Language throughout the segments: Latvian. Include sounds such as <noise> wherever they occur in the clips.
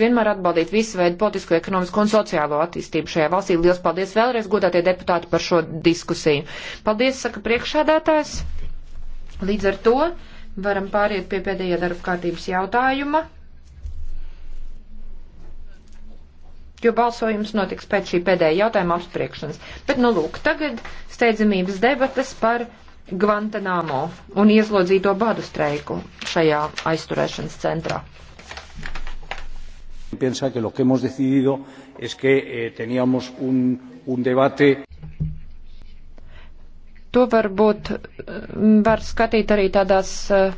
vienmēr atbaldīt visu veidu politisko, ekonomisko un sociālo attīstību šajā valstī. Lielas paldies vēlreiz godātie deputāti par šo diskusiju. Paldies, saka priekšādātājs. Līdz ar to varam pāriet pie pēdējā darba kārtības jautājuma. jo balsojums notiks pēc šī pēdējā jautājuma apspriekšanas. Bet, nu, lūk, tagad steidzamības debatas par Guantanamo un ieslodzīto badu streiku šajā aizturēšanas centrā. Piensa que lo que hemos decidido es que eh, teníamos un, un debate. To varbūt mm, var skatīt arī tādās eh,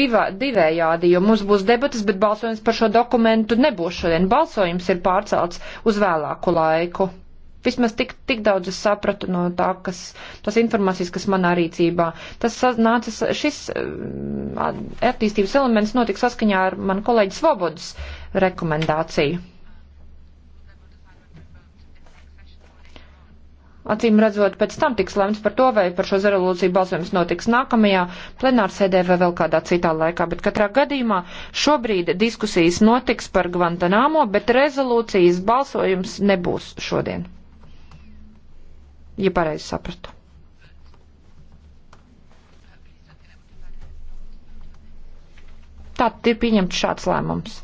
divā, divējādi, jo mums būs debatas, bet balsojums par šo dokumentu nebūs šodien. Balsojums ir pārcelts uz vēlāku laiku. Vismaz tik, tik daudz es sapratu no tā, kas, tas informācijas, kas manā rīcībā. Tas nācis, šis mm, attīstības elements notika saskaņā ar manu kolēģi Svobodas rekomendāciju. Acīm redzot, pēc tam tiks lemts par to, vai par šo rezolūciju balsojums notiks nākamajā plenārsēdē vai vēl kādā citā laikā. Bet katrā gadījumā šobrīd diskusijas notiks par Guantanamo, bet rezolūcijas balsojums nebūs šodien. Ja pareizi sapratu. Tā ir pieņemts šāds lēmums.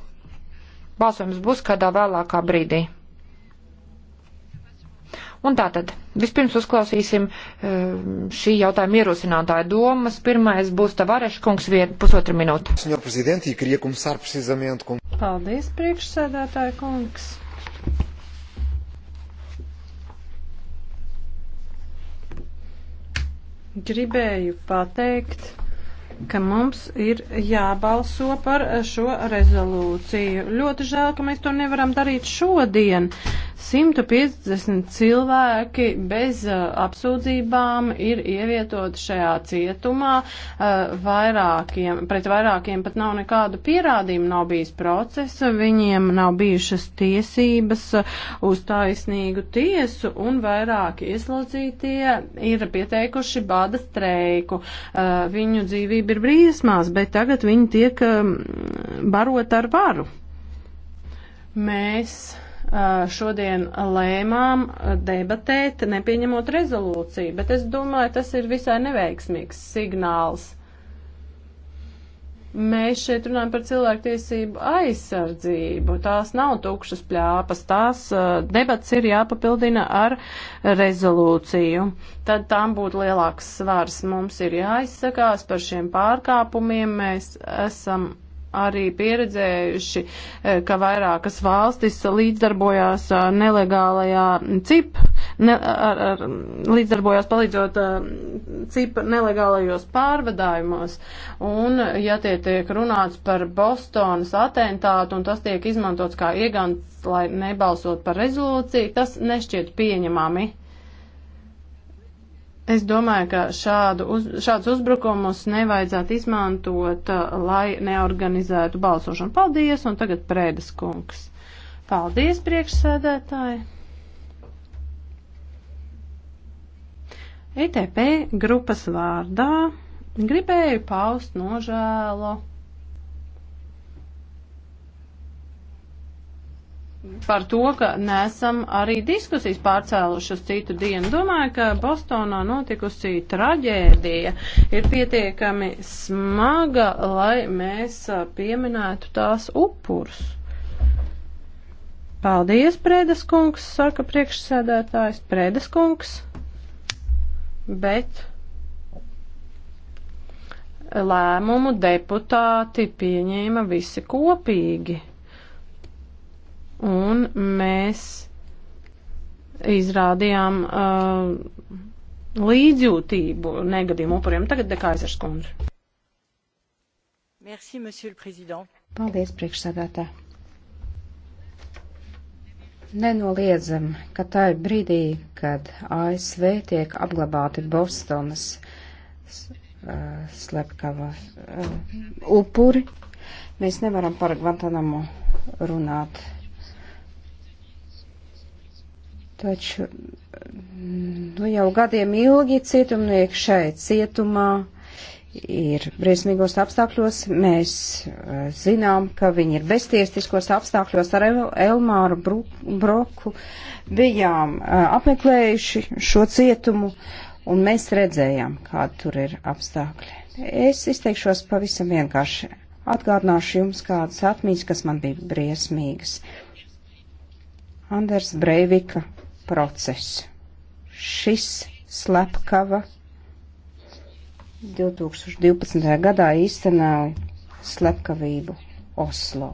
Balsojums būs kādā vēlākā brīdī. Un tātad, vispirms uzklausīsim eh, šī jautājuma ierosinātāja domas. Pirmais būs Tavareša kungs viet pusotra minūte. E Paldies, priekšsēdētāja kungs. Gribēju pateikt ka mums ir jābalso par šo rezolūciju. Ļoti žēl, ka mēs to nevaram darīt šodien. Uh, 150 cilvēki bez uh, apsūdzībām ir ievietoti šajā cietumā, uh, vairākiem, pret vairākiem pat nav nekādu pierādījumu, nav bijis procesa, viņiem nav bijušas tiesības uh, uz taisnīgu tiesu, un vairāki ieslodzītie ir pieteikuši bada streiku. Uh, viņu dzīvība ir briesmās, bet tagad viņi tiek uh, barot ar varu. Mēs šodien lēmām debatēt, nepieņemot rezolūciju, bet es domāju, tas ir visai neveiksmīgs signāls. Mēs šeit runājam par cilvēktiesību aizsardzību. Tās nav tukšas pļāpas, tās debats ir jāpapildina ar rezolūciju. Tad tām būtu lielāks svars. Mums ir jāizsakās par šiem pārkāpumiem. Mēs esam arī pieredzējuši, e, ka vairākas valstis līdzdarbojās e, nelegālajā CIP, ne, ar, ar, līdzdarbojās palīdzot e, CIP nelegālajos pārvadājumos. Un, ja tie tiek runāts par Bostonas atentātu un tas tiek izmantots kā iegants, lai nebalsot par rezolūciju, tas nešķiet pieņemami. Es domāju, ka šādu uz, šādus uzbrukumus nevajadzētu izmantot, uh, lai neorganizētu balsošanu. Paldies, un tagad prēdas kungs. Paldies, priekšsēdētāji. ETP grupas vārdā gribēju paust nožēlu. par to, ka nesam arī diskusijas pārcēluši uz citu dienu. Domāju, ka Bostonā notikusi traģēdija ir pietiekami smaga, lai mēs pieminētu tās upurs. Paldies, Prēdas kungs, saka priekšsēdētājs. Prēdas kungs, bet lēmumu deputāti pieņēma visi kopīgi un mēs izrādījām uh, līdzjūtību negadījumu upuriem. Tagad Dekaizers kundze. Merci, monsieur le président. Paldies, priekšsādātā. Nenoliedzam, ka tā ir brīdī, kad ASV tiek apglabāti Bostonas uh, slepkava uh, upuri. Mēs nevaram par Guantanamo runāt Taču mm, nu, jau gadiem ilgi cietumnieki šeit cietumā ir briesmīgos apstākļos. Mēs eh, zinām, ka viņi ir bestiestiskos apstākļos ar El Elmāru Broku. Bijām eh, apmeklējuši šo cietumu un mēs redzējām, kāda tur ir apstākļi. Es izteikšos pavisam vienkārši. Atgādināšu jums kādas atmiņas, kas man bija briesmīgas. Anders Breivika process. Šis slepkava 2012. gadā īstenāja slepkavību Oslo.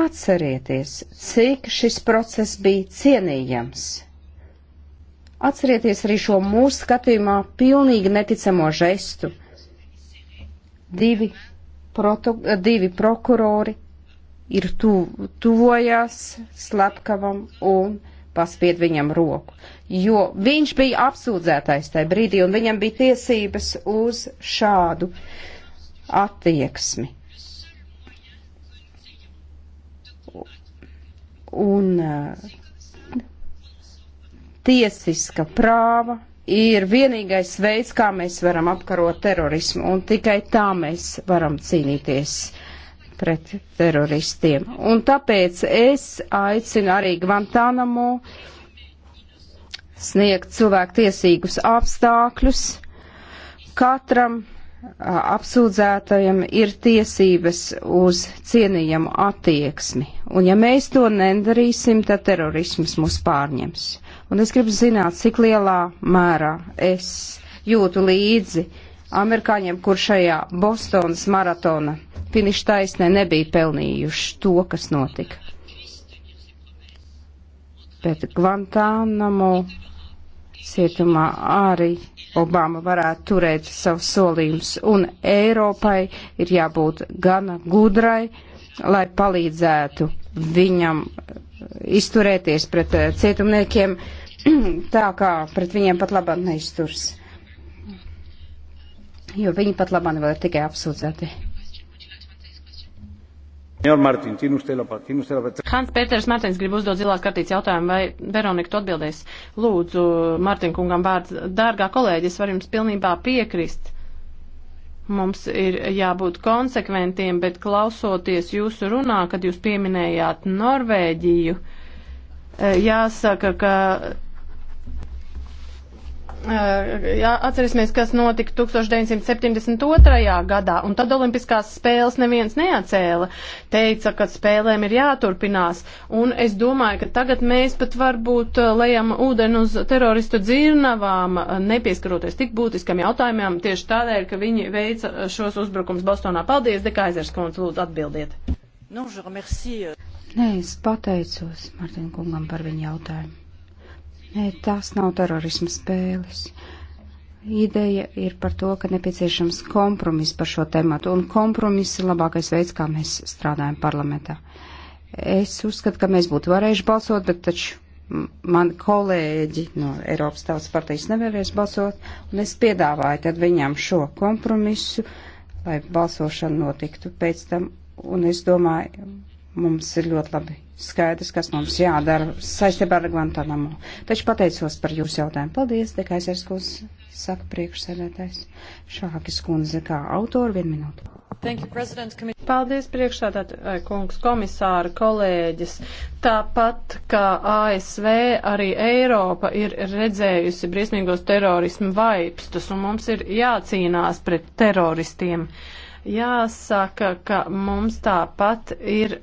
Atcerieties, cik šis process bija cienījams. Atcerieties arī šo mūsu skatījumā pilnīgi neticamo žestu. Divi, protu, divi prokurori ir tuv, tuvojas slepkavam un paspied viņam roku. Jo viņš bija apsūdzētais tajā brīdī, un viņam bija tiesības uz šādu attieksmi. Un uh, tiesiska prāva ir vienīgais veids, kā mēs varam apkarot terorismu, un tikai tā mēs varam cīnīties pret teroristiem. Un tāpēc es aicinu arī Guantanamo sniegt cilvēktiesīgus apstākļus. Katram apsūdzētajam ir tiesības uz cienījamu attieksmi. Un ja mēs to nedarīsim, tad terorisms mūs pārņems. Un es gribu zināt, cik lielā mērā es jūtu līdzi uh, amerikāņiem, kur šajā Bostonas maratona finiša taisnē nebija pelnījuši to, kas notika. Bet Guantanamo cietumā arī Obama varētu turēt savus solījumus, un Eiropai ir jābūt gana gudrai, lai palīdzētu viņam izturēties pret eh, cietumniekiem <clears throat> tā, kā pret viņiem pat labāk neizturs jo viņi pat labāk vēl ir tikai apsūdzēti. Hans Pēters Martins grib uzdot zilās kartītes jautājumu, vai Veronika tu atbildēs. Lūdzu, Martin kungam vārds. Dārgā kolēģi, es varu jums pilnībā piekrist. Mums ir jābūt konsekventiem, bet klausoties jūsu runā, kad jūs pieminējāt Norvēģiju, eh, jāsaka, ka Jā, atcerēsimies, kas notika 1972. gadā, un tad Olimpiskās spēles neviens neatcēla. Teica, ka spēlēm ir jāturpinās, un es domāju, ka tagad mēs pat varbūt lejam ūdeni uz teroristu dzirnavām, nepieskaroties tik būtiskam jautājumam, tieši tādēļ, ka viņi veica šos uzbrukums Bostonā. Paldies, Dekaizers, kundz, lūdzu atbildiet. Non, nu, Nē, es pateicos Martin kungam par viņu jautājumu. Nē, tās nav terorisma spēles. Ideja ir par to, ka nepieciešams kompromiss par šo tematu, un kompromiss ir labākais veids, kā mēs strādājam parlamentā. Es uzskatu, ka mēs būtu varējuši balsot, bet taču mani kolēģi no Eiropas Tautas partijas nevēlēs balsot, un es piedāvāju tad viņam šo kompromisu, lai balsošana notiktu pēc tam, un es domāju, mums ir ļoti labi skaidrs, kas mums jādara saistībā ar Guantanamu. Taču pateicos par jūsu jautājumu. Paldies, Dekaisers kundze, saka priekšsēdētājs. Šākis kundze kā autori vienu minūtu. Thank you, President. Paldies, priekšsēdētāji eh, kungs, komisāri, kolēģis. Tāpat kā ASV, arī Eiropa ir redzējusi briesmīgos terorismu vaipstus, un mums ir jācīnās pret teroristiem. Jāsaka, ka mums tāpat ir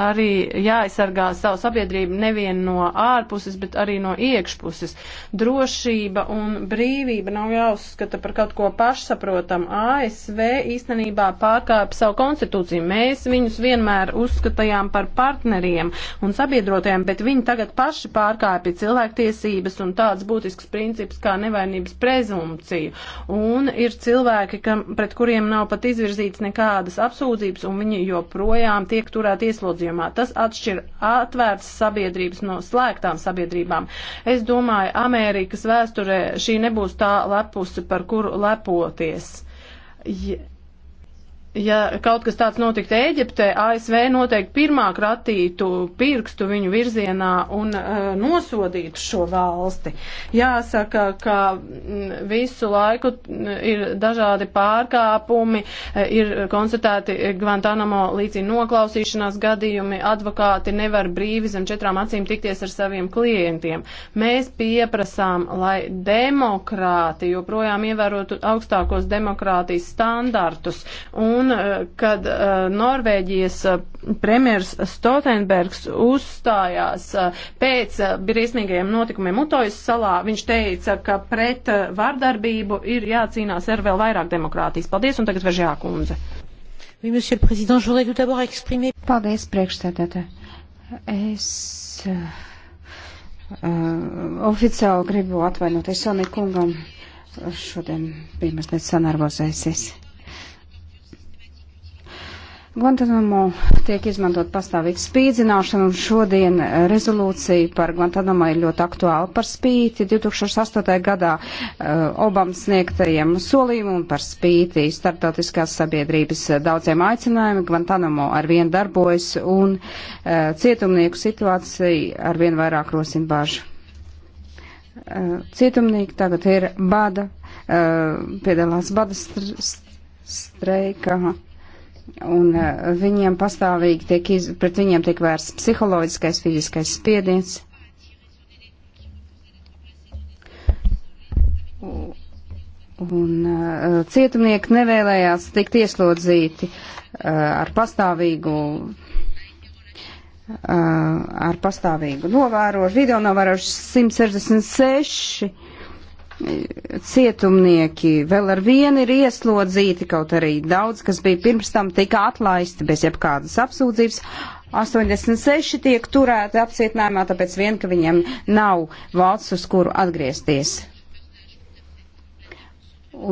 arī jāaizsargā savu sabiedrību nevien no ārpuses, bet arī no iekšpuses. Drošība un brīvība nav jāuzskata par kaut ko pašsaprotam. ASV īstenībā pārkāpa savu konstitūciju. Mēs viņus vienmēr uzskatījām par partneriem un sabiedrotajiem, bet viņi tagad paši pārkāpja cilvēktiesības un tāds būtisks princips kā nevainības prezumcija. Un ir cilvēki, kam, pret kuriem nav pat izvirzīts nekādas apsūdzības, un viņi joprojām tiek turēt ieslodzīt ieslodzījumā. Tas atšķir atvērtas sabiedrības no slēgtām sabiedrībām. Es domāju, Amerikas vēsturē šī nebūs tā lepusi, par kuru lepoties. Ja ja kaut kas tāds notiktu Ēģiptē, ASV noteikti pirmā kratītu pirkstu viņu virzienā un uh, nosodītu šo valsti. Jāsaka, ka mm, visu laiku mm, ir dažādi pārkāpumi, eh, ir konstatēti Guantanamo līdzi noklausīšanās gadījumi, advokāti nevar brīvi zem četrām acīm tikties ar saviem klientiem. Mēs pieprasām, lai demokrāti joprojām ievērotu augstākos demokrātijas standartus. Un Un eh, kad eh, Norvēģijas eh, premjers Stoltenbergs uzstājās pēc briesmīgajiem notikumiem Utojas salā, viņš teica, ka pret vardarbību ir jācīnās ar vēl vairāk demokrātijas. Paldies, un tagad Veržjā kundze. Paldies, priekšsēdētāji. Es uh, oficiāli gribu atvainoties Sonikungam. Šodien bija mazliet sanarvozējusies. Guantanamo tiek izmantot pastāvīgi spīdzināšana, un šodien eh, rezolūcija par Guantanamo ir ļoti aktuāla par spīti 2008. gadā uh, eh, obam sniegtajiem solījumam par spīti starptautiskās sabiedrības eh, daudziem aicinājumiem. Guantanamo arvien darbojas, un uh, cietumnieku situācija arvien vairāk rosina bāžu. Uh, cietumnieki tagad ir bada, piedalās bada streikā. Str str str un eh, viņiem pastāvīgi tiek, iz, pret viņiem tiek vērsts psiholoģiskais, fiziskais spiediens. Un uh, eh, cietumnieki nevēlējās tikt ieslodzīti uh, ar pastāvīgu uh, ar pastāvīgu novērošu, video novērošu 166 Cietumnieki vēl ar vienu ir ieslodzīti, kaut arī daudz, kas bija pirms tam, tika atlaisti bez jebkādas apsūdzības. 86 tiek turēti apcietinājumā, tāpēc vien, ka viņiem nav valsts, uz kuru atgriezties.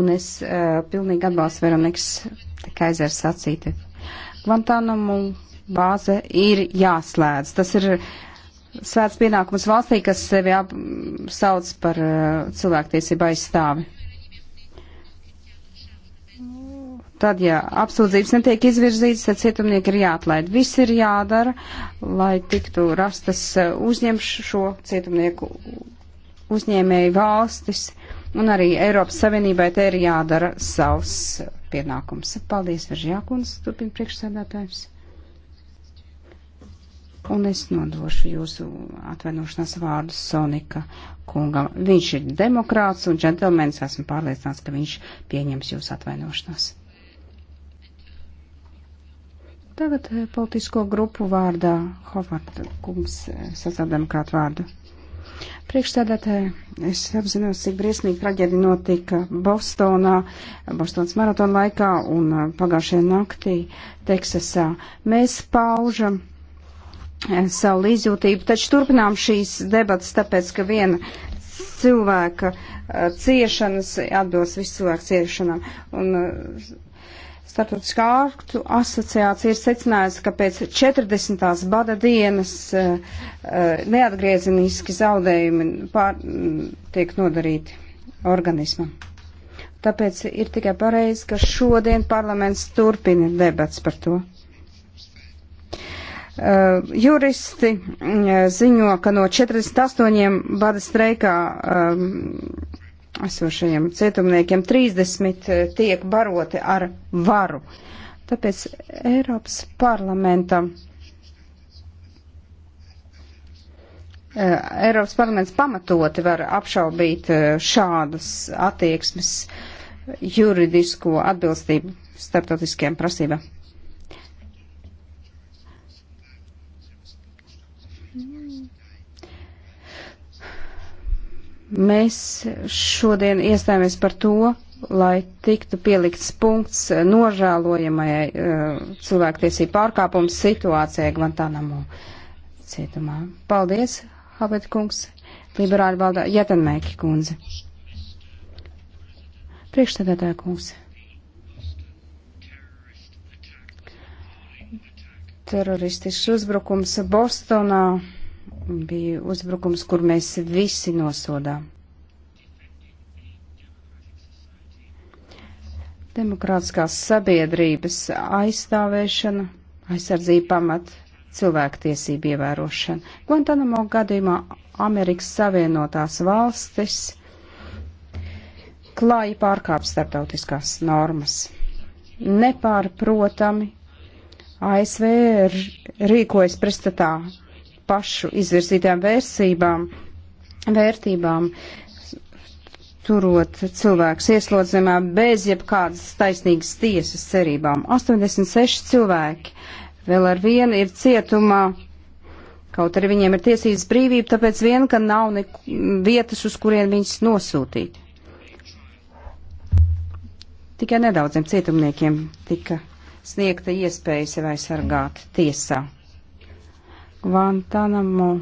Un es uh, pilnīgi atbalstu Veronikas Kaizers sacīti. Guantanamo bāze ir jāslēdz. Tas ir uh, svēts pienākums valstī, kas sevi sauc par uh, cilvēktiesību aizstāvi. Tad, ja apsūdzības netiek izvirzītas, tad cietumnieki ir jāatlaid. Viss ir jādara, lai tiktu rastas uh, uzņemš šo cietumnieku uzņēmēju valstis, un arī Eiropas Savienībai te ir jādara savs pienākums. Paldies, Viržjākuns, turpina priekšsēdētājs un es nodošu jūsu atvainošanās vārdu Sonika kungam. Viņš ir demokrāts un džentelmenis, esmu pārliecināts, ka viņš pieņems jūsu atvainošanās. Tagad eh, politisko grupu vārdā Hovarda kungs eh, sasādemokrātu vārdu. Priekšstādātāji, es apzinos, cik briesmīgi traģēdi notika Bostonā, Bostonas maratona laikā un eh, pagājušajā naktī Teksasā. Mēs paužam savu līdzjūtību, taču turpinām šīs debatas, tāpēc, ka viena cilvēka ciešanas atbilst visu cilvēku ciešanām. Un Startautiskā ārstu asociācija ir secinājusi, ka pēc 40. bada dienas neatgriezeniski zaudējumi pār, tiek nodarīti organismam. Tāpēc ir tikai pareizi, ka šodien parlaments turpina debats par to. Uh, juristi uh, ziņo, ka no 48 bada streikā um, esošajiem cietumniekiem 30 uh, tiek baroti ar varu. Tāpēc Eiropas parlamentam. Eiropas parlaments pamatoti var apšaubīt šādas attieksmes juridisko atbilstību starptautiskajām prasībām. Mēs šodien iestājāmies par to, lai tiktu pielikts punkts nožēlojamajai uh, cilvēktiesību pārkāpumu situācijai Guantanamo cietumā. Paldies, Habet kungs, liberāļu valdā Jetanmēki kundze. Priekšstādātāja kungs. Teroristisks uzbrukums Bostonā bija uzbrukums, kur mēs visi nosodām. Demokrātiskās sabiedrības aizstāvēšana, aizsardzība pamat cilvēktiesību ievērošana. Guantanamo gadījumā Amerikas Savienotās valstis klāji pārkāp starptautiskās normas. Nepārprotami ASV rīkojas pretstatā pašu izvirzītām vērsībām, vērtībām, turot cilvēkus ieslodzījumā bez jebkādas taisnīgas tiesas cerībām. 86 cilvēki vēl ar vienu ir cietumā, kaut arī viņiem ir tiesības brīvība, tāpēc vien, ka nav ne vietas, uz kurien viņus nosūtīt. Tikai nedaudziem cietumniekiem tika sniegta iespēja sev aizsargāt tiesā. Guantanamo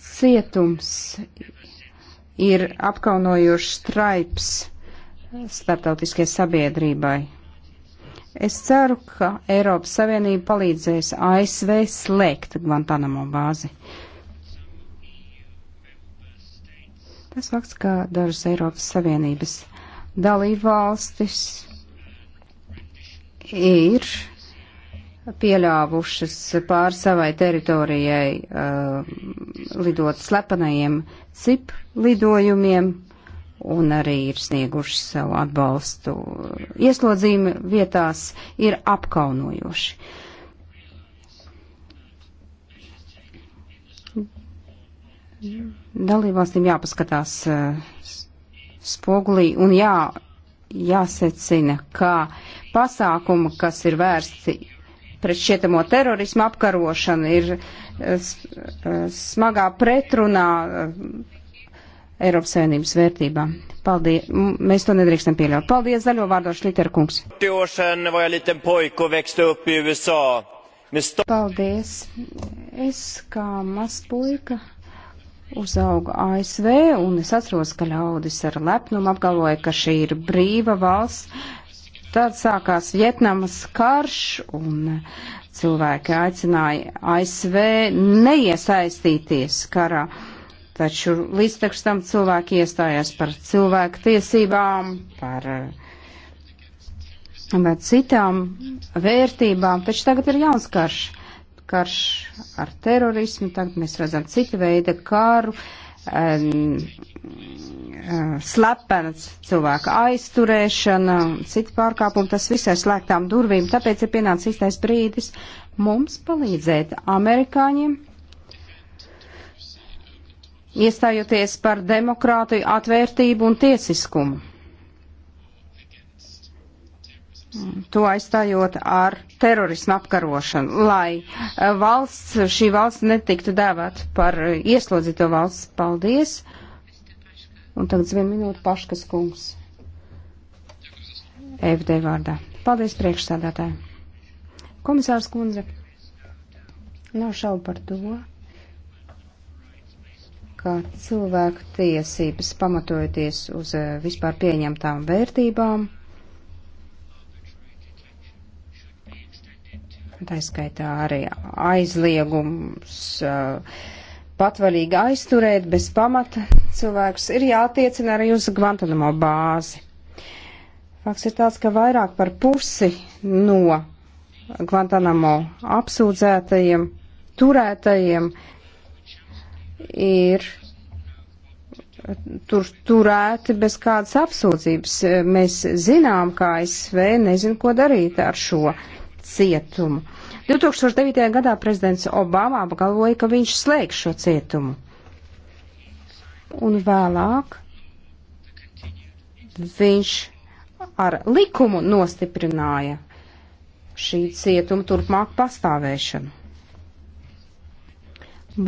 cietums ir apkaunojošs straips starptautiskajai sabiedrībai. Es ceru, ka Eiropas Savienība palīdzēs ASV slēgt Guantanamo bāzi. Tas fakts, ka dažas Eiropas Savienības dalībvalstis ir pieļāvušas pār savai teritorijai uh, lidot slepenajiem cip lidojumiem un arī ir snieguši savu atbalstu ieslodzījuma vietās, ir apkaunojoši. Dalībvalstīm jāpaskatās uh, spogulī un jā, jāsecina, ka pasākumi, kas ir vērsti pret šietamo terorismu apkarošanu, ir eh, eh, smagā pretrunā eh, Eiropas Savienības vērtībām. Paldies. Mēs to nedrīkstam pieļaut. Paldies, zaļo vārdo Šliterkungs. Paldies. Es kā mazs puika uzauga ASV, un es atceros, ka ļaudis ar lepnumu apgalvoja, ka šī ir brīva valsts. Tad sākās Vietnamas karš, un cilvēki aicināja ASV neiesaistīties karā. Taču līdz tam cilvēki iestājās par cilvēku tiesībām, par bet citām vērtībām, taču tagad ir jauns karš karš ar terorismu, tagad mēs redzam citu veidu kāru, um, slepenas cilvēka aizturēšana, citu pārkāpumu, tas viss ar slēgtām durvīm. Tāpēc ir pienācis īstais brīdis mums palīdzēt amerikāņiem iestājoties par demokrātiju, atvērtību un tiesiskumu to aizstājot ar terorismu apkarošanu, lai eh, valsts, šī valsts netiktu dēvēt par ieslodzīto valsts. Paldies! Un tagad vienu minūtu paškas kungs. FD vārdā. Paldies priekšsādātāji. Komisārs kundze, nav šaubu par to, ka cilvēku tiesības pamatojoties uz eh, vispār pieņemtām vērtībām tā skaitā arī aizliegums patvaļīgi aizturēt bez pamata cilvēkus, ir jātiecina arī uz Guantanamo bāzi. Fakts ir tāds, ka vairāk par pusi no Guantanamo apsūdzētajiem, turētajiem ir tur turēti bez kādas apsūdzības. Mēs zinām, kā ASV nezin, ko darīt ar šo cietumu. 2009. gadā prezidents Obama apgalvoja, ka viņš slēgs šo cietumu. Un vēlāk viņš ar likumu nostiprināja šī cietuma turpmāk pastāvēšanu.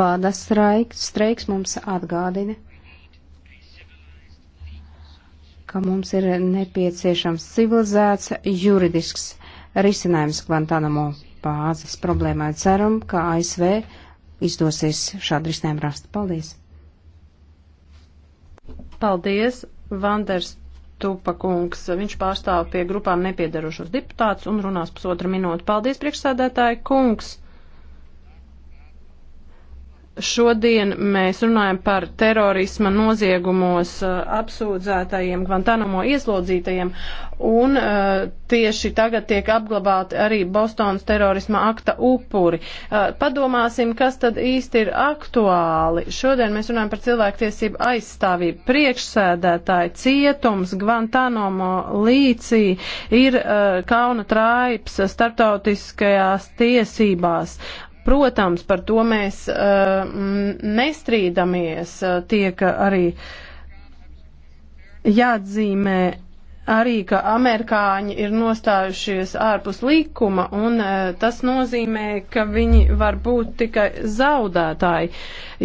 Bāda streiks mums atgādina, ka mums ir nepieciešams civilizēts juridisks risinājums Guantanamo bāzes problēmai. Ceram, ka ASV izdosies šādu risinājumu rast. Paldies! Paldies, Vanders Tupa kungs. Viņš pārstāv pie grupām nepiedarošos deputātus un runās pusotra minūte. Paldies, priekšsēdētāji kungs! Šodien mēs runājam par terorisma noziegumos uh, apsūdzētajiem, Guantanamo ieslodzītajiem, un uh, tieši tagad tiek apglabāti arī Bostonas terorisma akta upuri. Uh, padomāsim, kas tad īsti ir aktuāli. Šodien mēs runājam par cilvēktiesību aizstāvību. Priekšsēdētāji cietums Guantanamo līcī ir uh, kauna traips starptautiskajās tiesībās. Protams, par to mēs uh, nestrīdamies, eh, tiek arī jāatzīmē arī, ka amerikāņi ir nostājušies ārpus likuma, un e, tas nozīmē, ka viņi var būt tikai zaudētāji.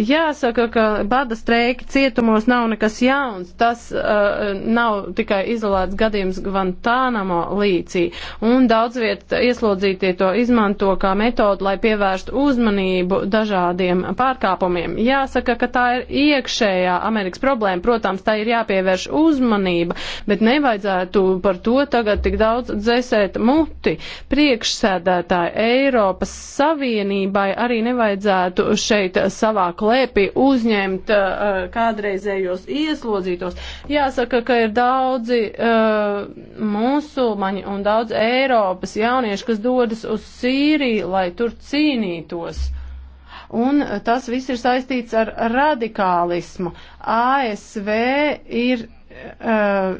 Jāsaka, ka bada streiki cietumos nav nekas jauns, tas uh, nav tikai izolēts gadījums Gvantānamo līcī, un daudz viet ieslodzītie to izmanto kā metodu, lai pievērstu uzmanību dažādiem pārkāpumiem. Jāsaka, ka tā ir iekšējā Amerikas problēma, protams, tā ir jāpievērš uzmanība, bet nevajadzētu vajadzētu par to tagad tik daudz dzēsēt muti. Priekšsēdētāji Eiropas Savienībai arī nevajadzētu šeit savā klēpī uzņemt uh, kādreizējos ieslodzītos. Jāsaka, ka ir daudzi uh, musulmaņi un daudz Eiropas jaunieši, kas dodas uz Sīriju, lai tur cīnītos un tas viss ir saistīts ar radikālismu. ASV ir. Uh,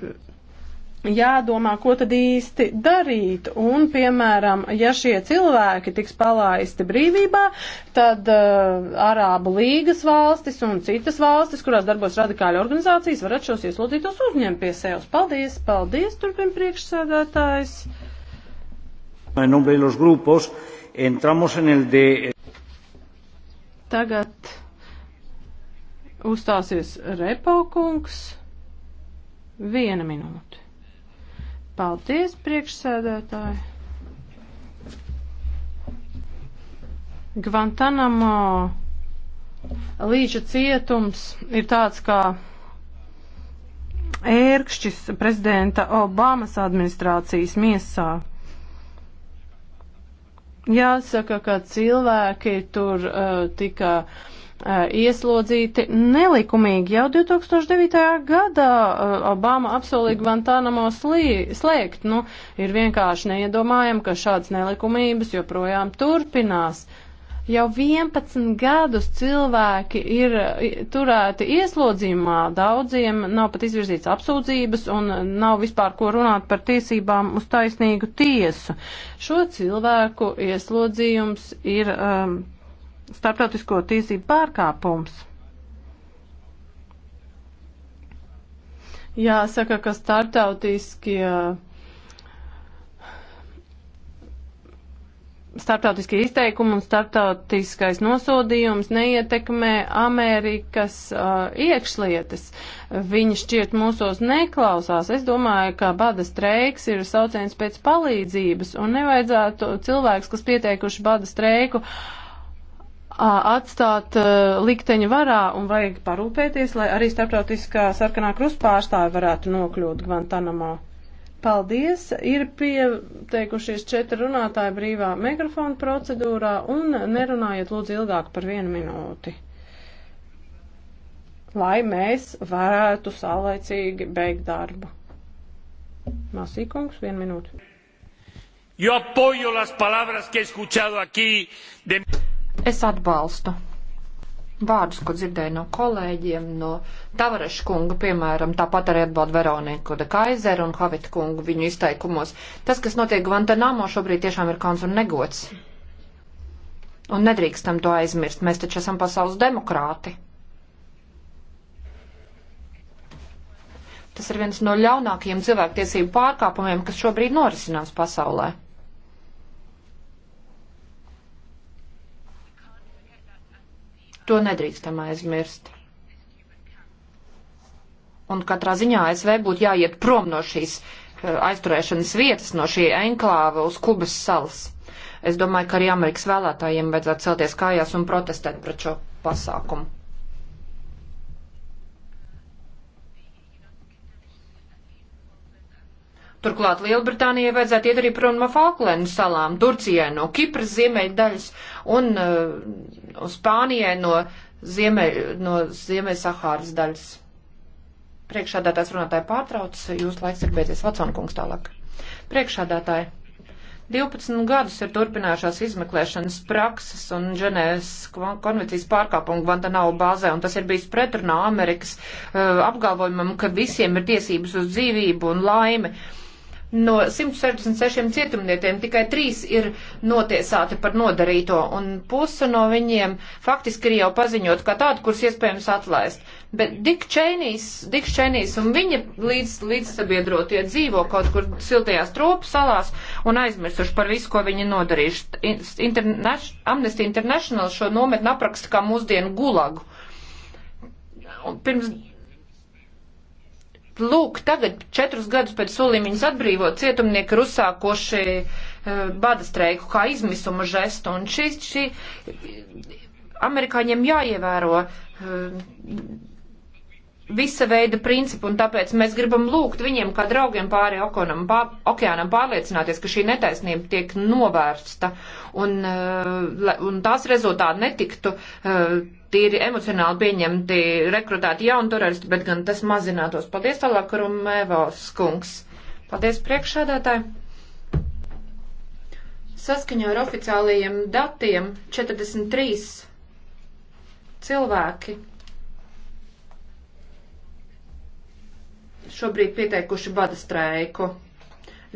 jādomā, ko tad īsti darīt. Un, piemēram, ja šie cilvēki tiks palaisti brīvībā, tad uh, Arābu līgas valstis un citas valstis, kurās darbos radikāļa organizācijas, varat šos ieslodzītos uzņemt pie sevis. Paldies, paldies, turpin priekšsēdētājs. Tagad uzstāsies Repo kungs. Viena minūte. Paldies, priekšsēdētāji! Gvantanamo līča cietums ir tāds kā ērkšķis prezidenta Obamas administrācijas miesā. Jāsaka, ka cilvēki tur uh, tika uh, ieslodzīti nelikumīgi. Jau 2009. gadā Obama apsolīja Guantanamo slī, slēgt. Nu, ir vienkārši neiedomājami, ka šādas nelikumības joprojām turpinās. Jau 11 gadus cilvēki ir turēti ieslodzījumā, daudziem nav pat izvirzīts apsūdzības un nav vispār ko runāt par tiesībām uz taisnīgu tiesu. Šo cilvēku ieslodzījums ir. Um, starptautisko tiesību pārkāpums. Jāsaka, ka starptautiskie starptautiskie izteikumi un starptautiskais nosodījums neietekmē Amerikas uh, iekšlietas. Viņi šķiet mūsos neklausās. Es domāju, ka bada streiks ir sauciens pēc palīdzības un nevajadzētu cilvēks, kas pieteikuši bada streiku, uh, atstāt likteņa varā un vajag parūpēties, lai arī starptautiskā sarkanā krusta pārstāve varētu nokļūt Gvantanamo. Paldies! Ir pieteikušies četri runātāji brīvā mikrofona procedūrā un nerunājiet lūdzu ilgāk par vienu minūti, lai mēs varētu saulaicīgi beigt darbu. Masīkungs, vienu minūtu. Yo apoyo las palabras que he escuchado aquí de. Es atbalstu vārdus, ko dzirdēju no kolēģiem, no Tavareša kunga, piemēram, tāpat arī atbalda Veroniku de Kaiseru un Havita kungu viņu izteikumos. Tas, kas notiek Guantanamo, šobrīd tiešām ir kauns un negods. Un nedrīkstam to aizmirst, mēs taču esam pasaules demokrāti. Tas ir viens no ļaunākajiem cilvēktiesību pārkāpumiem, kas šobrīd norisinās pasaulē. To nedrīkstam aizmirst. Un katrā ziņā ASV būtu jāiet prom no šīs eh, aizturēšanas vietas, no šī enklāva uz Kubas salas. Es domāju, ka arī Amerikas vēlētājiem vajadzētu celties kājās un protestēt pret šo pasākumu. Turklāt Lielbritānijai vajadzētu iet arī prom no Falklendu salām, Turcijai no Kipras ziemeļdaļas un uh, Spānijai no, ziemeļ, no Ziemeļsahāras daļas. Priekšādātājs runātāji pārtrauc, jūs laiks ir beidzies, Vatsonkungs tālāk. Priekšādātāji. 12 gadus ir turpinājušās izmeklēšanas prakses un Ženēvas konvencijas pārkāpumu Guantanamo bāzē, un tas ir bijis pretrunā Amerikas uh, apgalvojumam, ka visiem ir tiesības uz dzīvību un laimi. Uh, No 166 cietumnietiem tikai trīs ir notiesāti par nodarīto, un puse no viņiem faktiski ir jau paziņot kā tādu, kurus iespējams atlaist. Bet Dik Čēnīs, Dik Čēnīs un viņa līdz, līdzsabiedrotie dzīvo kaut kur siltajās tropu salās un aizmirsuši par visu, ko viņi nodarījuši. Interna Amnesty International šo nometni apraksta kā mūsdienu gulagu. Un pirms lūk, tagad četrus gadus pēc solīmiņas atbrīvot cietumnieki ir uzsākoši eh, bada streiku kā izmisuma žestu. Un šī, šī eh, amerikāņiem jāievēro eh, visa veida principu, un tāpēc mēs gribam lūgt viņiem, kā draugiem pāri okonam, pā, okeānam, pārliecināties, ka šī netaisnība tiek novērsta, un, eh, un tās rezultāti netiktu eh, tīri emocionāli pieņemti, rekrutēti jauni teroristi, bet gan tas mazinātos. Paldies tālāk, Rumēvos kungs. Paldies priekšādātāji. Saskaņā ar oficiālajiem datiem 43 cilvēki šobrīd pieteikuši bada streiku.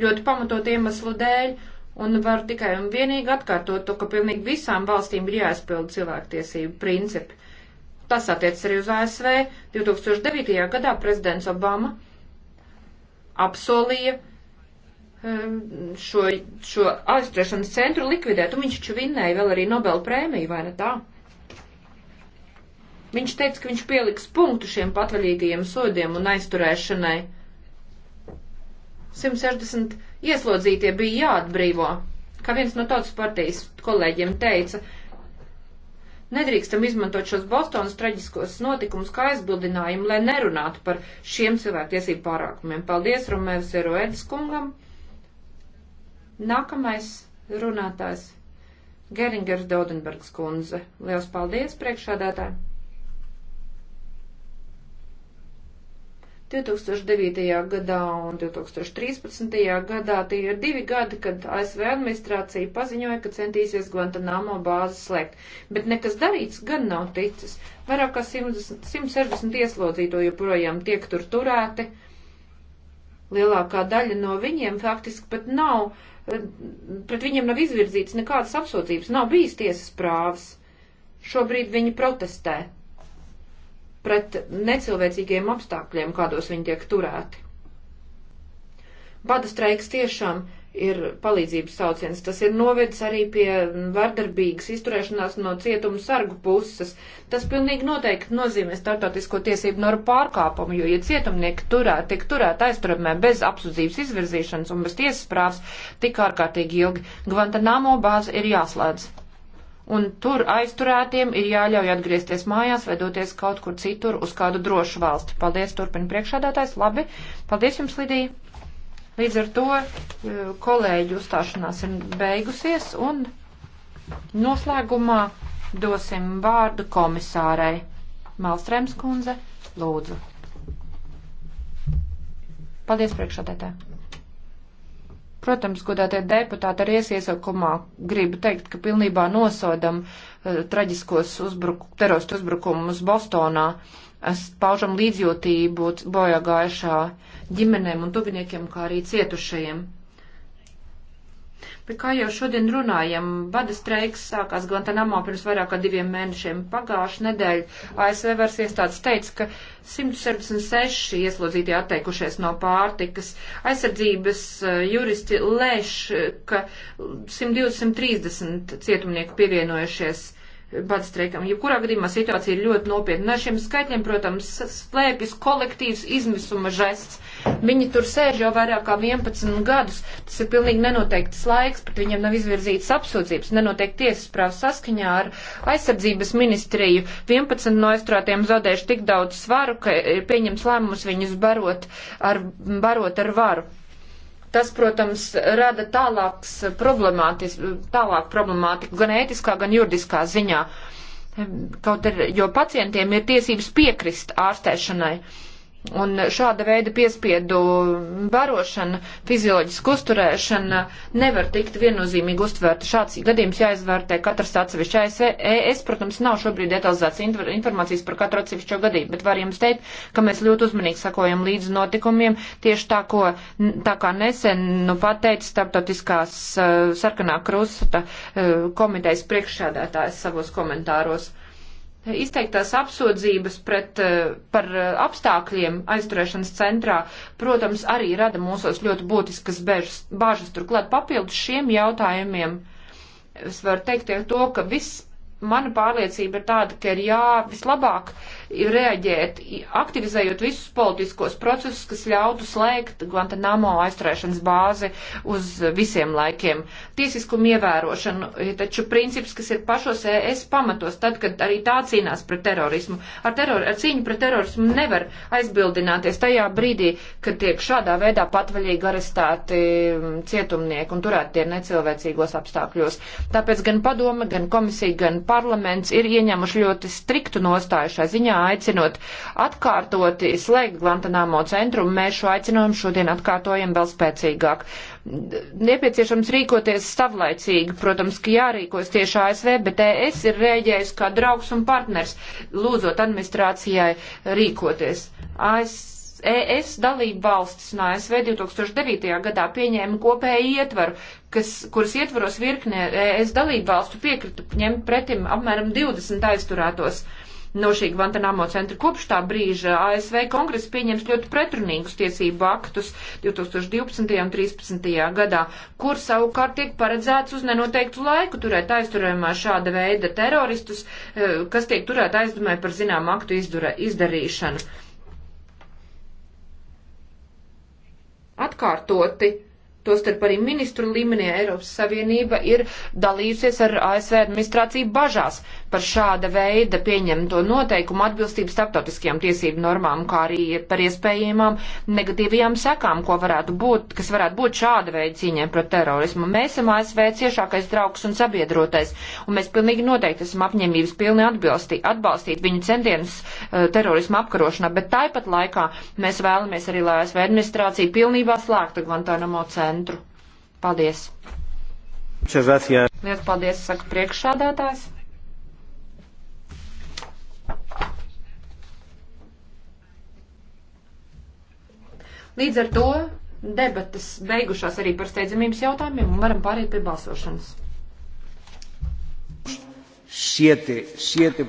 Ļoti pamatot iemeslu dēļ, un var tikai un vienīgi atkārtot to, ka pilnīgi visām valstīm ir jāizpilda cilvēktiesību principi. Tas attiec arī uz ASV. 2009. gadā prezidents Obama apsolīja ehm, šo, šo aizturēšanas centru likvidēt, un viņš taču vinnēja vēl arī Nobel prēmiju, vai ne tā? Viņš teica, ka viņš pieliks punktu šiem patvaļīgajiem sodiem un aizturēšanai. 160 ieslodzītie bija jāatbrīvo. Kā viens no tautas partijas kolēģiem teica, nedrīkstam izmantot šos Bostonas traģiskos notikumus kā aizbildinājumu, lai nerunātu par šiem cilvēktiesību pārākumiem. Paldies Romēvs Eroēdas kungam. Nākamais runātājs Geringers Dodenbergs kundze. Liels paldies priekšādātājiem! 2009. gadā un 2013. gadā tie ir divi gadi, kad ASV administrācija paziņoja, ka centīsies Guantanamo bāzi slēgt, bet nekas darīts gan nav ticis. Vairāk kā 160 ieslodzīto joprojām tiek tur turēti. Lielākā daļa no viņiem faktiski pat nav, pret viņiem nav izvirzīts nekādas apsūdzības, nav bijis tiesas prāvas. Šobrīd viņi protestē pret necilvēcīgiem apstākļiem, kādos viņi tiek turēti. Bada streiks tiešām ir palīdzības sauciens. Tas ir novedis arī pie vardarbīgas izturēšanās no cietuma sargu puses. Tas pilnīgi noteikti nozīmē startautisko tiesību noru pārkāpumu, jo, ja cietumnieki turē, tiek turēti aizturumē bez apsūdzības izvirzīšanas un bez tiesas prāvas tik ārkārtīgi ilgi, Guantanamo bāze ir jāslēdz un tur aizturētiem ir jāļauj atgriezties mājās vai doties kaut kur citur uz kādu drošu valsti. Paldies, turpina priekšādātājs. Labi, paldies jums, Lidija. Līdz ar to e, kolēģi uzstāšanās ir beigusies un noslēgumā dosim vārdu komisārai. Malstrēms kundze, lūdzu. Paldies priekšādētājai. Protams, godātie deputāti, arī es iesaukumā gribu teikt, ka pilnībā nosodam uh, traģiskos uzbruk, teroristu uzbrukumus Bostonā. Es paužam līdzjūtību bojā gājušā ģimenēm un tuviniekiem, kā arī cietušajiem. Bet kā jau šodien runājam, bada streiks sākās Guantanamo pirms vairāk kā diviem mēnešiem. Pagājuši nedēļu ASV varas iestādes teica, ka 176 ieslodzītie atteikušies no pārtikas. Aizsardzības e, juristi lēš, ka 120-130 cietumnieku pievienojušies badstreikam. Jebkurā gadījumā situācija ir ļoti nopietna. Ar šiem skaitļiem, protams, slēpjas kolektīvs izmisuma žests. Viņi tur sēž jau vairāk kā 11 gadus. Tas ir pilnīgi nenoteikts laiks, pat viņiem nav izvirzītas apsūdzības. Nenoteikti tiesas prāvas saskaņā ar aizsardzības ministriju. 11 no aizturētiem zaudējuši tik daudz svaru, ka ir pieņems lēmums viņus barot ar, barot ar varu. Tas, protams, rada tālāks problemātis, tālāk problemātiku gan ētiskā, gan juridiskā ziņā. Kaut arī, jo pacientiem ir tiesības piekrist ārstēšanai. Uh, Un šāda veida piespiedu barošana, fizioloģiska uzturēšana nevar tikt viennozīmīgi uztvērta. Šāds gadījums jāizvērtē katrs atsevišķi. Es, es, e protams, nav šobrīd detalizēts informācijas par katru atsevišķo gadījumu, bet var jums teikt, ka mēs ļoti uzmanīgi sakojam līdz notikumiem. Tieši tā, ko, tā kā nesen nu, pateica starptautiskās uh, sarkanā krusta uh, komitejas priekšsēdētājs savos komentāros. Uh, izteiktās apsūdzības pret, eh, par eh, apstākļiem aizturēšanas centrā, protams, arī rada mūsos ļoti būtiskas bežas, bāžas. Turklāt papildus šiem jautājumiem es varu teikt ja to, ka viss mana pārliecība ir tāda, ka ir jā, vislabāk reaģēt, aktivizējot visus politiskos procesus, kas ļautu slēgt Guantanamo aizturēšanas bāzi uz visiem laikiem. Tiesiskumu ievērošanu ir taču princips, kas ir pašos ES pamatos, tad, kad arī tā cīnās pret terorismu. Ar, teror, ar cīņu pret terorismu nevar aizbildināties tajā brīdī, kad tiek šādā veidā patvaļīgi arestēti mm, cietumnieki un turēt tie necilvēcīgos apstākļos. Tāpēc gan padome, gan komisija, gan parlaments ir ieņēmuši ļoti striktu nostāju šai ziņā aicinot atkārtoti slēgt Glantanāmo centrumu, mēs šo aicinājumu šodien atkārtojam vēl spēcīgāk. Nepieciešams rīkoties savlaicīgi, protams, ka jārīkos tieši ASV, bet ES ir rēģējis kā draugs un partners, lūdzot administrācijai rīkoties. ASV ES dalību valstis un ASV 2009. gadā pieņēma kopēju ietvaru, kas, kuras ietvaros virknē ES dalību valstu piekritu ņemt pretim apmēram 20 aizturētos. Uh, no šī Guantanamo centra. Kopš tā brīža ASV kongress pieņems ļoti pretrunīgus tiesību aktus 2012. un 2013. gadā, kur savukārt tiek paredzēts uz nenoteiktu laiku turēt aizturējumā šāda veida teroristus, eh, kas tiek turēt aizdomē par zinām aktu izdura, izdarīšanu. Atkārtoti Tostarp arī ministru līmenī Eiropas Savienība ir dalījusies ar ASV administrāciju bažās par šāda veida pieņemto noteikumu atbilstību starptautiskajām tiesību normām, kā arī par iespējamām negatīvajām sekām, ko varētu būt, kas varētu būt šāda veida cīņai pret terorismu. Mēs esam ASV ciešākais draugs un sabiedrotais, un mēs pilnīgi noteikti esam apņēmības pilni atbilstī, atbalstīt viņu centienus uh, terorismu apkarošanā, bet tāpat laikā mēs vēlamies arī, lai ASV administrācija pilnībā slēgtu Guantanamo centru. Paldies! Liels paldies, saka priekšsādātājs. Līdz ar to debatas beigušās arī par steidzamības jautājumiem un varam pāriet pie balsošanas. Siete, siete